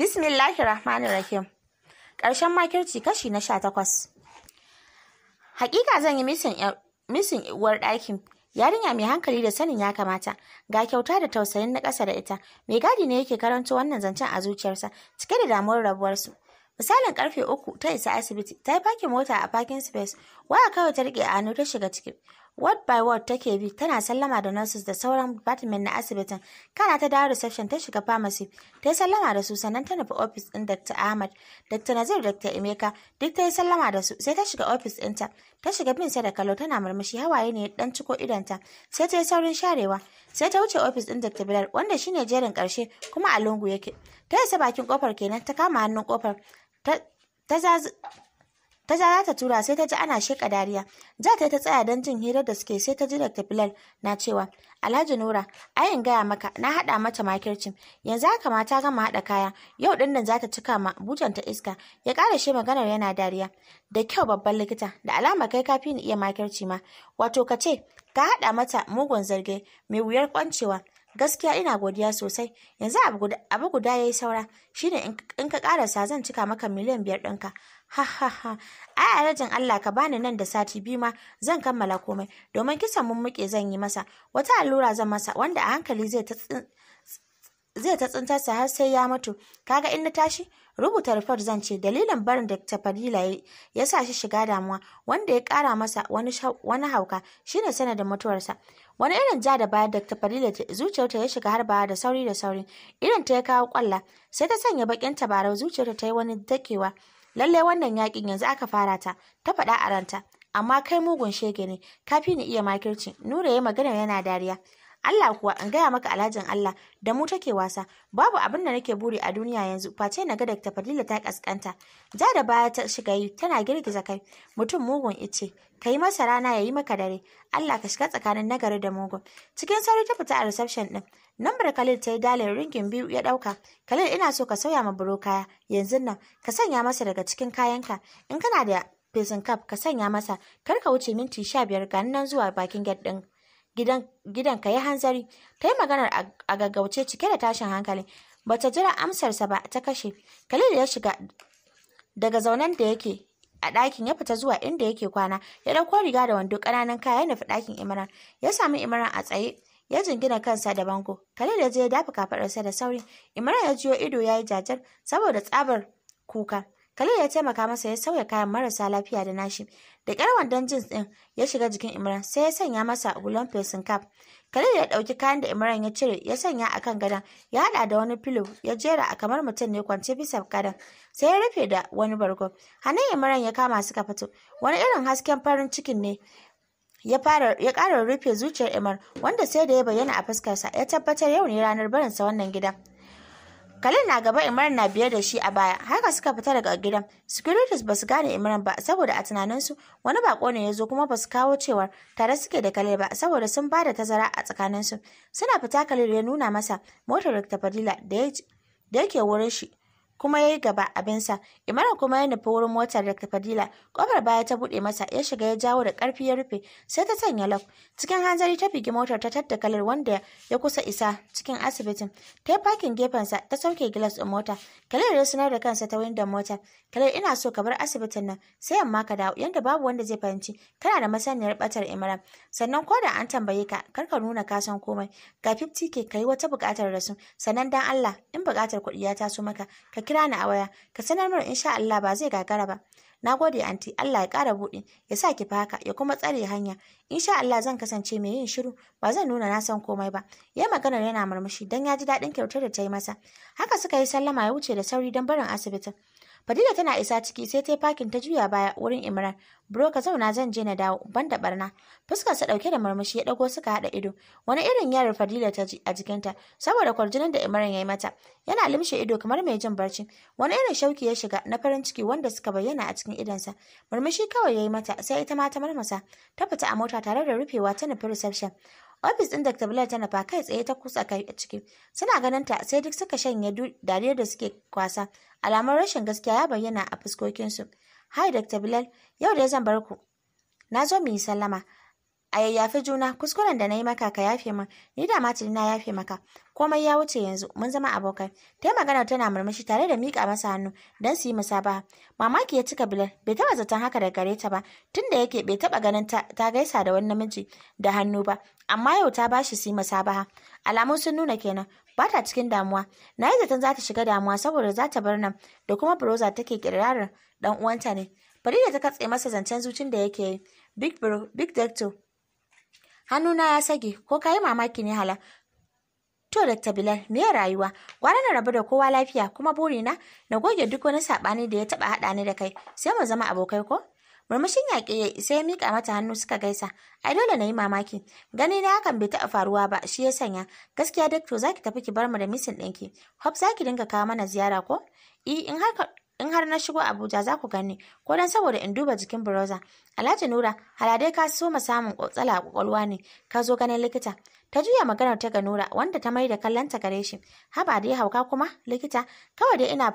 Bismillahir Rahmanir Rahim. Ƙarshen makirci kashi na sha takwas. Hakika zan yi eh, misin uwar ɗakin. Yarinya mai hankali da sanin ya kamata, ga kyauta da tausayin na ƙasa da ita, mai gadi ne yake karanto wannan zancen a zuciyarsa, cike da damuwar rabuwarsu. Misalin karfe uku ta isa asibiti, ta yi fakin mota a parking space, waya kawai ta riƙe a hannu ta shiga ciki. word by word take bi tana sallama da nurses da sauran batman na asibitin kana ta dawo reception ta shiga pharmacy ta yi sallama da su sannan ta nufi office din Dr. Ahmad Dr. Nazir Dr. Emeka duk ta yi sallama da su sai ta shiga office ɗinta ta shiga bin sai da kallo tana murmushi hawaye ne dan ciko idanta sai ta yi saurin sharewa sai ta wuce office din Dr. Bilal wanda shine jerin karshe kuma a lungu yake ta isa bakin kofar kenan ta kama hannun kofar ta ta ta ja za ta tura sai ta ji ana sheka dariya ja ta ta tsaya don jin hirar da suke sai ta ji dr bilal na cewa alhaji nura ayin gaya maka na haɗa mata makircin yanzu haka ma ta gama haɗa kaya yau ɗin nan za ta cika ma ta iska ya ƙara shi maganar yana dariya da kyau babban likita da alama kai kafi ni iya makirci ma wato ka ce ka haɗa mata mugun zarge mai wuyar kwancewa gaskiya ina godiya sosai yanzu abu guda ya yi saura shine in ka karasa zan cika maka miliyan biyar ɗinka ha ha ha a Allah ka bani nan da sati biyu ma zan kammala komai domin kisan mummuke zan yi masa wata allura zan masa wanda a hankali zai ta zai ta tsintarsa har sai ya mutu kaga in na tashi rubuta report zan ce dalilin barin Dr. Fadila ya sa shi shiga damuwa wanda ya kara masa wani hauka shine sanadin mutuwarsa wani irin ja da baya Dr. Fadila zuciyarta ya shiga har baya da sauri da sauri irin ta ya kawo kwalla sai ta sanya bakin tabarau zuciyarta ta yi wani dakewa lallai wannan yakin yanzu aka fara ta ta faɗa a ranta amma kai mugun shege ne kafi ni iya makirci nura ya magana yana dariya Allah kuwa in gaya maka alhajin Allah da mu take wasa babu abin da nake buri a duniya yanzu face na ga da Dr. Fadila ta kaskanta ja da baya ta shiga yi tana girgiza kai mutum mugun ice kai masa rana yayi maka dare Allah ka shiga tsakanin nagari da mugun cikin sauri ta fita a reception din Nambar Khalil ta yi dalin ringin biyu ya ɗauka. Khalil ina so ka sauya ma buro kaya yanzu nan ka sanya masa daga cikin kayanka in kana da fesin kaf ka sanya masa kar ka wuce minti sha biyar ga nan zuwa bakin gate ɗin gidan ka yi hanzari ta yi maganar a gaggauce cike da tashin hankali bata jira amsarsa ba ta kashe khalil ya shiga daga zaunen da yake a ɗakin ya fita zuwa inda yake kwana ya ɗauko riga da wando ƙananan kaya ya nufi ɗakin imran ya sami imran a tsaye ya jingina kansa da bango khalil ya je ya dafa kafaɗarsa da sauri imran ya jiyo ido ya yi jajar saboda tsabar kuka Khalil ya taimaka masa ya sauya kayan marasa lafiya da nashi. Da ƙyar wandon jins ɗin ya shiga jikin Imran sai ya sanya masa gulon facing cap. Khalil ya ɗauki kayan da Imran ya cire ya sanya a kan gadon ya haɗa da wani filo ya jera a kamar mutum ne kwance bisa gadon sai ya rufe da wani bargo. Hannun Imran ya kama suka fito wani irin hasken farin cikin ne ya fara ya ƙara rufe zuciyar imran wanda sai da ya bayyana a fuskarsa ya tabbatar yau ne ranar barinsa wannan gidan. Khalil na gaba Imran na biyar da shi a baya haka suka fita daga gidan securities basu gane Imran ba saboda a tunaninsu wani bako ne ya zo kuma basu kawo cewar tare suke da Khalil ba saboda sun ba da tazara a tsakaninsu suna fita Khalil ya nuna masa motar Dr. Fadila da yake wurin shi kuma ya yi gaba abinsa imara kuma ya nufi wurin motar da fadila kofar baya ta buɗe masa ya shiga ya jawo da ƙarfi ya rufe sai ta sanya lak cikin hanzari ta bigi motar ta tadda kalar wanda ya kusa isa cikin asibitin ta yi fakin gefensa ta sauke gilas ɗin mota kalar ya sanar da kansa ta windon mota kalar ina so ka bar asibitin nan sai amma ka dawo yanda babu wanda zai fahimci kana da masaniyar ɓatar imara sannan ko da an tambaye ka kar ka nuna ka san komai ga 50k ka yi wata buƙatar da su sannan dan Allah in buƙatar kuɗi ya taso maka ka kira ni a waya ka sanar min insha Allah ba zai gagara ba na gode anti Allah ya kara buɗe ya sa ki haka ya kuma tsare hanya insha Allah zan kasance mai yin shiru ba zan nuna na san komai ba ya magana yana murmushi dan ya ji daɗin kyautar da ta yi masa haka suka yi sallama ya wuce da sauri dan barin asibitin Fadila tana isa ciki sai ta fakin ta juya baya wurin Imran. Bro zauna zan je na dawo ban da barna. Fuskar sa dauke da murmushi ya dago suka hada ido. Wani irin yarin Fadila ta ji a jikinta saboda kwarjinin da Imran yayi mata. Yana limshe ido kamar mai jin barci. Wani irin shauki ya shiga na farin ciki wanda suka bayyana a cikin idonsa. Murmushi kawai yayi mata sai ita ma ta marmasa. Ta fita a mota tare da rufewa ta nufi reception. Ofis ɗin Dr. Bilal ta nufa kai tsaye ta kusa kai a ciki. Suna ganin ta sai duk suka shanye dariyar da suke kwasa. Alamar rashin gaskiya ya bayyana a fuskokinsu. Hai Dr. Bilal, yau dai zan bar ku. Na zo mu yi sallama. a yayyafi juna kuskuren da na yi maka ka yafe min ni da matili na yafe maka komai ya wuce yanzu mun zama abokai ta yi magana tana murmushi tare da miƙa masa hannu don su yi musabaha mamaki ya cika bilal bai taɓa zaton haka da gare ta ba tun da yake bai taɓa ganin ta gaisa da wani namiji da hannu ba amma yau ta bashi su yi musabaha alamun sun nuna kenan ba ta cikin damuwa na yi zaton za ta shiga damuwa saboda za ta bar nan da kuma buroza take kirarin dan uwanta ne farida ta katse masa zancen zucin da yake yi big bro big doctor hannuna ya sage ko ka yi mamaki ne hala to dr bilal me rayuwa gwara na rabu da kowa lafiya kuma burina na goge duk wani saɓani da ya taɓa haɗa ni da kai sai mu zama abokai ko murmushin yaƙi ya sai ya miƙa mata hannu suka gaisa ai dole na yi mamaki gani na hakan bai taɓa faruwa ba shi ya sanya gaskiya dakto za tafi ki bar mu da misin ɗinki hop za ki dinga kawo mana ziyara ko i e, in haka. in har na shigo Abuja za ku gani ko dan saboda in duba jikin Broza Alhaji Nura halade ka so ma samun kotsala a kwakwalwa ne ka zo ganin likita ta juya maganar ta ga Nura wanda ta mai da kallanta gare shi haba dai hauka kuma likita kawai dai ina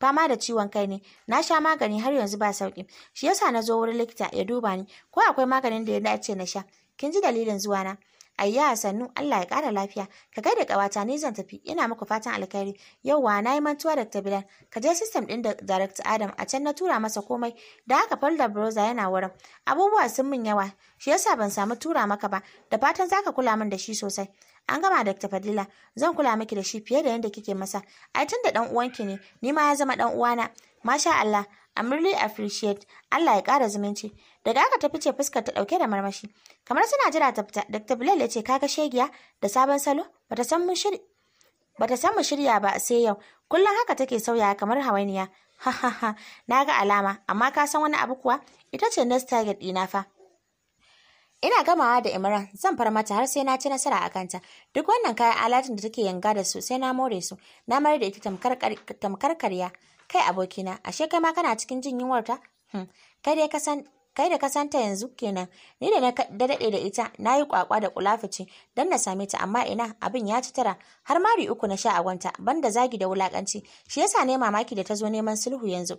fama da ciwon kai ne na sha magani har yanzu ba sauki shi yasa na zo wurin likita ya duba ni ko akwai maganin da ya dace na sha kin ji dalilin zuwa na ayya sannu Allah ya kara lafiya ka gaida ƙawata ni zan tafi ina muku fatan alkhairi yauwa na yi mantuwa da tabilan ka je system ɗin da Director adam a can na tura masa komai da haka folder browser yana wurin abubuwa sun min yawa shi yasa ban samu tura maka ba da fatan zaka kula min da shi sosai an gama Dr. Fadila zan kula miki da shi fiye da yadda kike masa ai tun da dan uwanki ne ni ma ya zama dan uwana masha Allah I'm really appreciate. Allah ya ƙara zumunci. Daga aka tafi ce fuskar ta ɗauke da marmashi. Kamar suna jira ta fita, Dr. Bilal ya ce kaga shegiya da sabon salo, bata san mun shiri bata san mu shirya ba sai yau. Kullum haka take sauya kamar hawainiya. Ha ha ha, na ga alama, amma ka san wani abu kuwa? Ita ce next target ɗina fa. Ina gamawa da Imran, zan far mata har sai na ci nasara a kanta. Duk wannan kayan alatin da take yanga da su sai na more su, na mayar da ita tamkar karya. kai abokina ashe kai ma kana cikin jin yunwar ta hmm. kai dai ka san da kasanta yanzu kenan ni da na daɗe da ita na yi kwakwa da kulafici don na same ta amma ina abin ya ci tara har mari uku na sha a gwanta banda zagi da wulakanci shi yasa ne mamaki da ta zo neman sulhu yanzu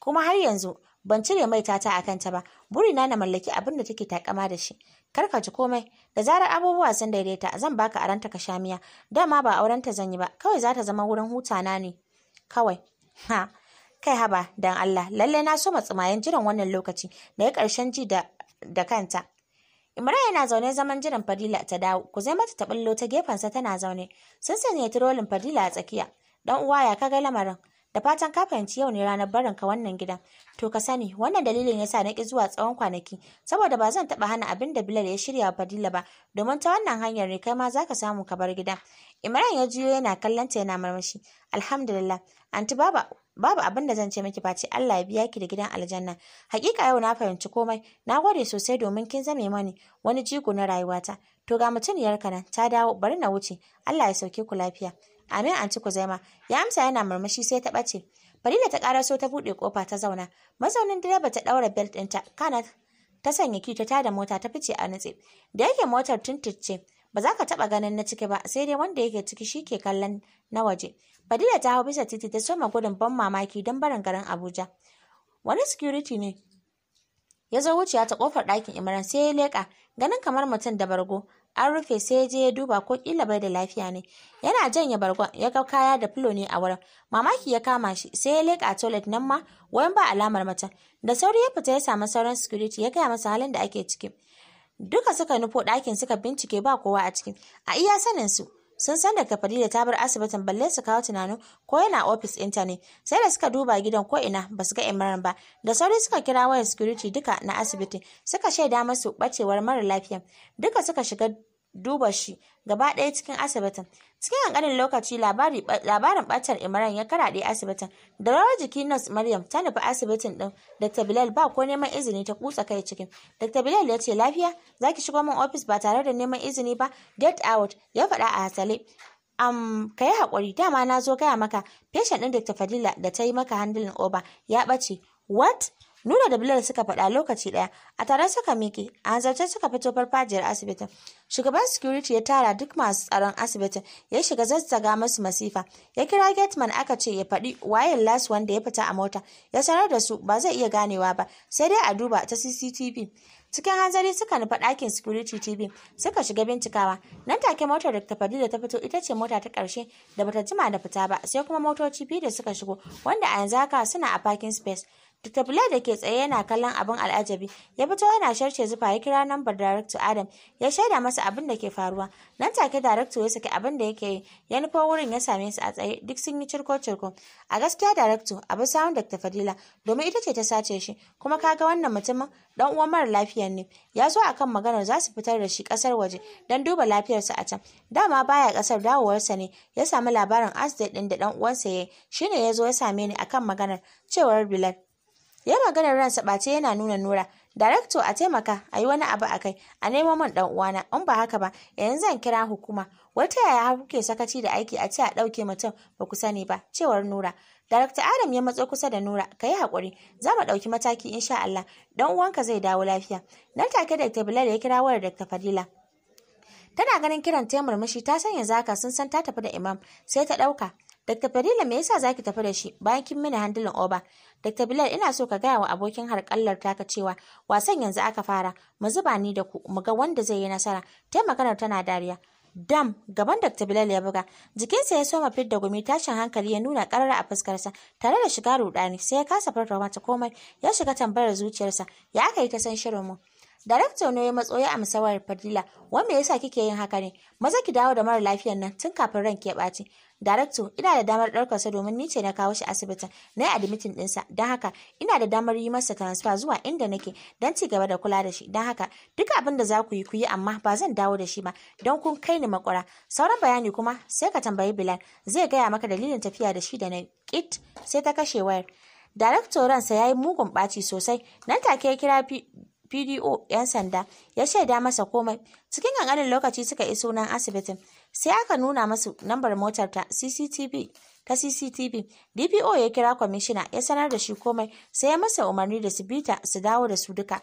kuma har yanzu ban cire mai tata a kanta ba burina na mallaki abin da take takama da shi kar ka ji komai da zarar abubuwa sun daidaita zan baka aranta ka sha miya dama ba auren ta zan yi ba kawai za ta zama wurin hutana ne kawai ha kai haba dan Allah lalle na so matsimayen jiran wannan lokaci na yi ƙarshen ji da, kanta Imra yana zaune zaman jiran Fadila ta dawo ku zai mata ta ɓullo ta gefensa tana zaune sun sanya tirolin Fadila a tsakiya dan uwa ya kaga lamarin da fatan ka fahimci yau ne ranar barin ka wannan gidan to ka sani wannan dalilin yasa na ki zuwa tsawon kwanaki saboda ba zan taba hana abin da Bilal ya shirya wa Fadila ba domin ta wannan hanyar ne kai ma zaka samu kabar bar gidan Imran ya juyo yana kallon ta yana marmashi alhamdulillah anti baba babu abin da zan ce miki face Allah ya biya ki da gidan aljanna hakika yau na fahimci komai na gode sosai domin kin zame mani wani jigo na rayuwata to ga mutuniyar nan ta dawo bari na wuce Allah ya sauke ku lafiya amin anti kuzaima ya amsa yana murmushi sai ta bace. farida ta so ta buɗe kofa ta zauna mazaunin direba ta ɗaura belt ta. kana ta sanya ki ta tada mota ta fice a nutse da yake motar tuntuce ba za ka taɓa ganin na ciki ba sai dai wanda yake ciki shi ke kallon na waje fadila ta hau bisa titi ta soma gudun ban mamaki don barin garin abuja wani security ne ya zo wuciya ta kofar ɗakin imran sai ya leƙa ganin kamar mutum da bargo an rufe sai ya je ya duba ko kila bai da lafiya ne yana janye bargon ya ga kaya da filo ne a wurin mamaki ya kama shi sai ya leƙa toilet nan ma wayan ba alamar mata da sauri ya fita ya samu sauran security ya gaya masa halin da ake ciki duka suka nufo ɗakin suka bincike ba kowa a ciki a iya sanin su sun san daga Fadila ta bar asibitin balle su kawo tunanin ko yana ofis ɗinta sai da suka duba gidan ko ina ba su ga Imran ba da sauri suka kira wayar security duka na asibiti suka shaida masu bacewar mara lafiya duka suka shiga duba shi gaba ɗaya cikin asibitin cikin ƙanƙanin lokaci labarin ɓatar imran ya karaɗe asibitin da rawar jiki nurse maryam ta nufi asibitin ɗin dr bilal ba ko neman izini ta kutsa kai cikin dr bilal ya ce lafiya za ki shigo min ofis ba tare da neman izini ba get out ya faɗa a hasale um, ka yi haƙuri dama na zo gaya maka feshin ɗin dr fadila da ta yi maka handling over ya ɓace what Nura da Bilal suka faɗa lokaci ɗaya, a tare suka miƙe, a hanzarce suka fito farfajiyar asibitin. Shugaban security ya tara duk masu tsaron asibitin, ya shiga zazzaga masu masifa. Ya kira gateman aka ce ya faɗi wayan las wanda ya fita a mota, ya sanar da su ba zai iya ganewa ba, sai dai a duba ta CCTV. cikin hanzari suka nufa ɗakin security tv suka shiga bincikawa nan take motar da fadi da ta fito ita ce mota ta ƙarshe da bata jima da fita ba sai kuma motoci biyu da suka shigo wanda a yanzu haka suna a parking space Tuttabula da ke tsaye yana kallon abin al'ajabi, ya fito yana sharce zufa ya kira nambar director Adam, ya shaida masa abin da ke faruwa. Nan take director ya saki abin da yake yi, ya nufa wurin ya same su a tsaye, duk sun yi cirko-cirko. A gaskiya director abu samun Dr. Fadila, domin ita ce ta sace shi, kuma kaga wannan mutumin dan uwan mara lafiyar ne. Ya zo akan maganar za su fitar da shi kasar waje dan duba lafiyarsa a can. Dama baya kasar dawowarsa ne, ya sami labarin accident din da dan uwansa ya yi, shine ya zo ya same ni akan maganar cewar Bilal. ya maganar ransa ɓace yana nuna nura darakto a taimaka a yi wani abu a kai a nemo min dan uwana in ba haka ba yanzu zan kira hukuma wata yaya kuke sakaci da aiki a ce a ɗauke mutum ba ku sani ba cewar nura darakta adam ya matso kusa da nura ka yi haƙuri za mu ɗauki mataki insha allah dan uwanka zai dawo lafiya nan take da bilal ya kira wayar dakta fadila tana ganin kiran taimur murmushi ta sanya zaka sun san ta tafi da imam sai ta ɗauka Dr. Fadila me yasa zaki tafi da shi bayan kin mini handilin oba? Dr. Bilal ina so ka gaya wa abokin harkallar taka cewa wasan yanzu aka fara mu zuba ni da ku mu ga wanda zai yi nasara. Tai maganar tana dariya. Dam gaban Dr. Bilal ya buga, jikinsa ya soma fidda gumi tashin hankali ya nuna karara a fuskarsa tare da shiga rudani sai ya kasa farta mata komai ya shiga tambayar zuciyarsa ya aka yi ta san shirin mu. Darakta ne ya matso ya amsa Fadila, "Wa me yasa kike yin haka ne? Maza ki dawo da mara lafiyar nan tun kafin ranki ya ɓaci." Darakto, ina da damar ɗaukarsa domin ni ce na kawo shi asibitin, na yi admitin ɗinsa, don haka ina da damar yi masa transfer zuwa inda nake don ci gaba da kula da shi, don haka duk abin da za ku yi ku yi amma ba zan dawo da shi ba don kun kai ni makwara. Sauran bayani kuma sai ka tambayi Bilal, zai gaya maka dalilin tafiya da shi da na kit sai ta kashe wayar. ransa ya yi mugun ɓaci sosai, nan take ya kira PDO 'yan sanda ya shaida masa komai. Cikin kankanin lokaci suka iso nan asibitin. sai aka nuna masu lambar motar ta cctv ta cctv dpo ya kira kwamishina ya sanar da shi komai sai ya masa umarni da su bita su dawo da su duka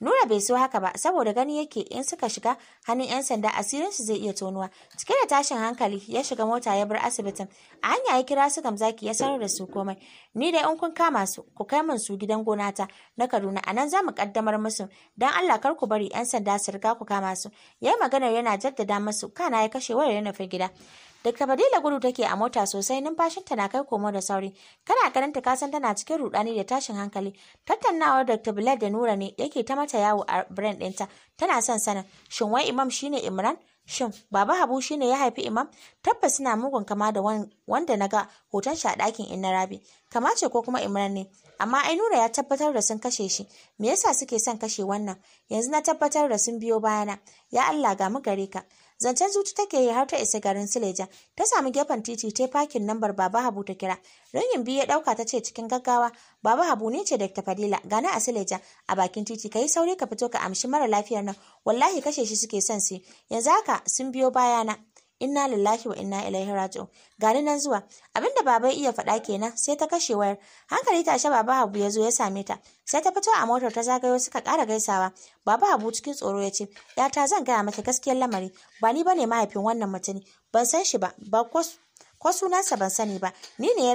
Nura bai so haka ba saboda gani yake in suka shiga hannun 'yan sanda asirin su zai iya tonuwa. Cike da tashin hankali ya shiga mota ya bar asibitin. A hanya ya kira su gamzaki ya sanar da su komai. Ni dai in kun kama su ku kai min su gidan gona ta na Kaduna a nan za mu kaddamar musu dan Allah kar ku bari 'yan sanda su riga ku kama su. Yayi maganar yana jaddada musu kana ya kashe wayar ya nufi gida. Dr. badila gudu take a mota sosai numfashin ta na kai komo da sauri. Kana karanta ka san tana cikin rudani da tashin hankali. Tattaunawar Dr. Bilal da Nura ne yake ta mata yawo a brand ɗinta. Tana son sanin shin wai Imam shine Imran? Shin Baba Habu shine ya haifi Imam? Tabbas suna mugun kama da wanda na ga hoton shi a ɗakin Inna Rabi. Kama ce ko kuma Imran ne? Amma ai Nura ya tabbatar da sun kashe shi. Me yasa suke son kashe wannan? Yanzu na tabbatar da sun biyo bayana. Ya Allah ga mu gare ka. zancen zuci take yi har ta isa garin sileja ta sami gefen titi ta fakin lambar baba habu ta kira ranyin biyu ya dauka ta ce cikin gaggawa baba habu ne ce dr fadila gana a sileja a bakin titi ka yi sauri ka fito ka amshi mara lafiyar nan wallahi kashe shi suke son su yanzu haka sun biyo bayana inna lillahi wa inna ilaihi raji'un gani nan zuwa abinda baba iya faɗa kenan sai ta kashe wayar hankali ta tashe baba habu ya zo ya same ta sai ta fito a motar ta zagayo suka kara gaisawa baba habu cikin tsoro ya ce yata zan gaya mata gaskiyar lamari ba ni bane mahaifin wannan ne ban san shi ba ba ko sunansa ban sani ba ni ne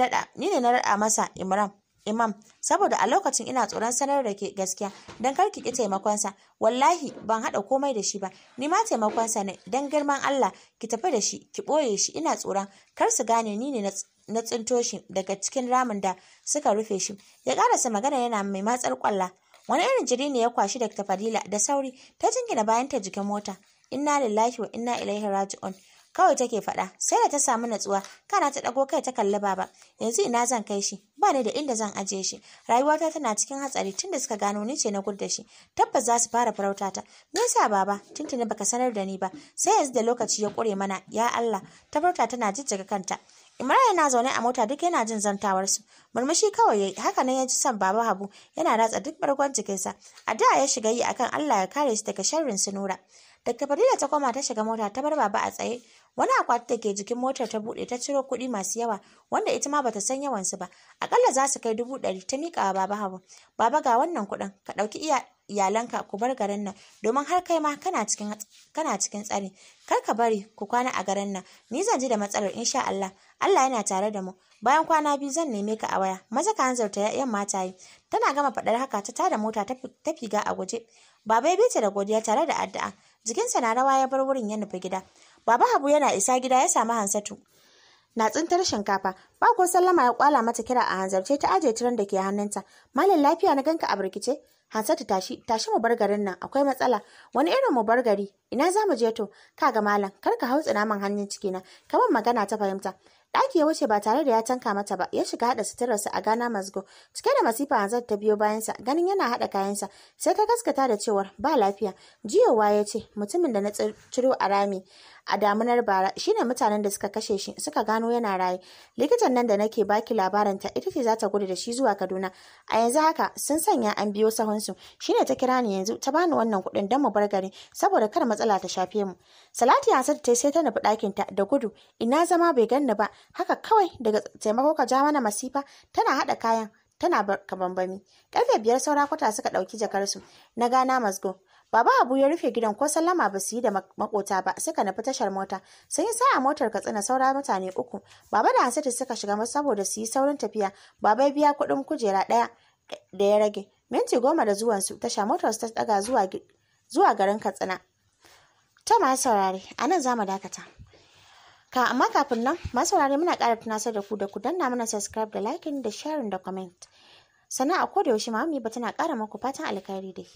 na raɗa masa imran Imam, saboda a lokacin ina tsoron sanar da ke gaskiya, don kar ki ki taimakonsa, wallahi ban haɗa komai da shi ba, ni ma taimakonsa ne, don girman Allah, ki tafi da shi, ki ɓoye shi, ina tsoron, kar su gane ni ne na tsinto shi daga cikin ramin da suka rufe shi. Ya ƙarasa magana yana mai matsar kwalla Wani irin jiri ne ya kwashi Dr. Fadila da sauri, ta jingina bayan ta jikin mota. Inna lillahi wa inna ilaihi raji'un. kawai take faɗa sai da ta samu natsuwa kana ta ɗago kai ta kalli baba yanzu ina zan kai shi ba ni da inda zan ajiye shi rayuwata tana cikin hatsari tun da suka gano ni ce na gudda shi tabbas za su fara farauta ta me yasa baba tuntuni baka sanar da ni ba sai yanzu da lokaci ya kure mana ya Allah ta farauta tana jijjiga kanta imara yana zaune a mota duk yana jin zantawarsu. Murmushi kawai yayi, haka nan ya ji son Baba Habu yana ratsa duk bargon jikinsa. A da ya shiga yi akan Allah ya kare shi daga sharrin sunura Nura. Dr. Fadila ta koma ta shiga mota ta bar Baba a tsaye wani akwati ke jikin motar ta buɗe ta ciro kuɗi masu yawa wanda ita ma bata san yawan su ba akalla za su kai dubu ɗari ta miƙa wa baba hawa baba ga wannan kuɗin ka ɗauki iya iyalanka ku bar garin nan domin har kai ma kana cikin kana cikin tsari kar ka bari ku kwana a garin nan ni zan ji da matsalar insha Allah Allah yana tare da mu bayan kwana biyu zan neme ka a waya maza ka hanzarta yamma mata yi tana gama faɗar haka ta tada mota ta figa a guje baba ya bi ta da godiya tare da addu'a jikinsa na rawa ya bar wurin ya nufi gida baba habu yana isa gida ya samu hansatu na tsintar shinkafa ba ko sallama ya kwala mata kira a hanzarce ta ajiye tiran da ke hannunta malam lafiya na ganka a birkice Hansatu tashi tashi mu bar garin nan akwai matsala wani irin mu bar gari ina za mu je to kaga malam kar ka hau tsinaman hannun ciki na kaman magana ta fahimta Ɗaki ya wuce ba tare da ya tanka mata ba, ya shiga haɗa suturarsa a gana Masgo. Cike da masifa Hanzar ta biyo bayansa, ganin yana haɗa kayan sa. sai ta gaskata da cewar ba lafiya. Jiyowa ya ce, mutumin da na ciro a rami a damunar bara shine mutanen da suka kashe shi suka gano yana raye. Likitan nan da nake baki ta, ita ce za ta gudu da shi zuwa Kaduna. A yanzu haka sun sanya an biyo sahunsu, ne ta kira ni yanzu ta bani wannan kuɗin don mu bar gari saboda kar matsala ta shafe mu. Salati Hanzar ta sai ta nufi ɗakinta da gudu, ina zama bai ganni ba, haka kawai daga taimako ka ja mana masifa tana haɗa kayan tana ka bambami. karfe biyar saura kwata suka ɗauki jakarsu na gana masgo Baba Abu ya rufe gidan ko sallama ba su yi da makota ba sai ka nufi tashar mota. Sun yi sa'a motar Katsina saura mutane uku. Baba da Hansatu suka shiga masu saboda su yi saurin tafiya. Baba biya kuɗin kujera ɗaya da ya rage. Minti goma da zuwan su tasha motar ta daga zuwa garin Katsina. Ta masu saurare, a nan za mu dakata. Ka amma kafin nan masu saurare muna ƙara tunasar da ku da ku danna mana subscribe da liking da sharing da comment. Sannan a koda yaushe mami ba tana ƙara maku fatan alkhairi dai.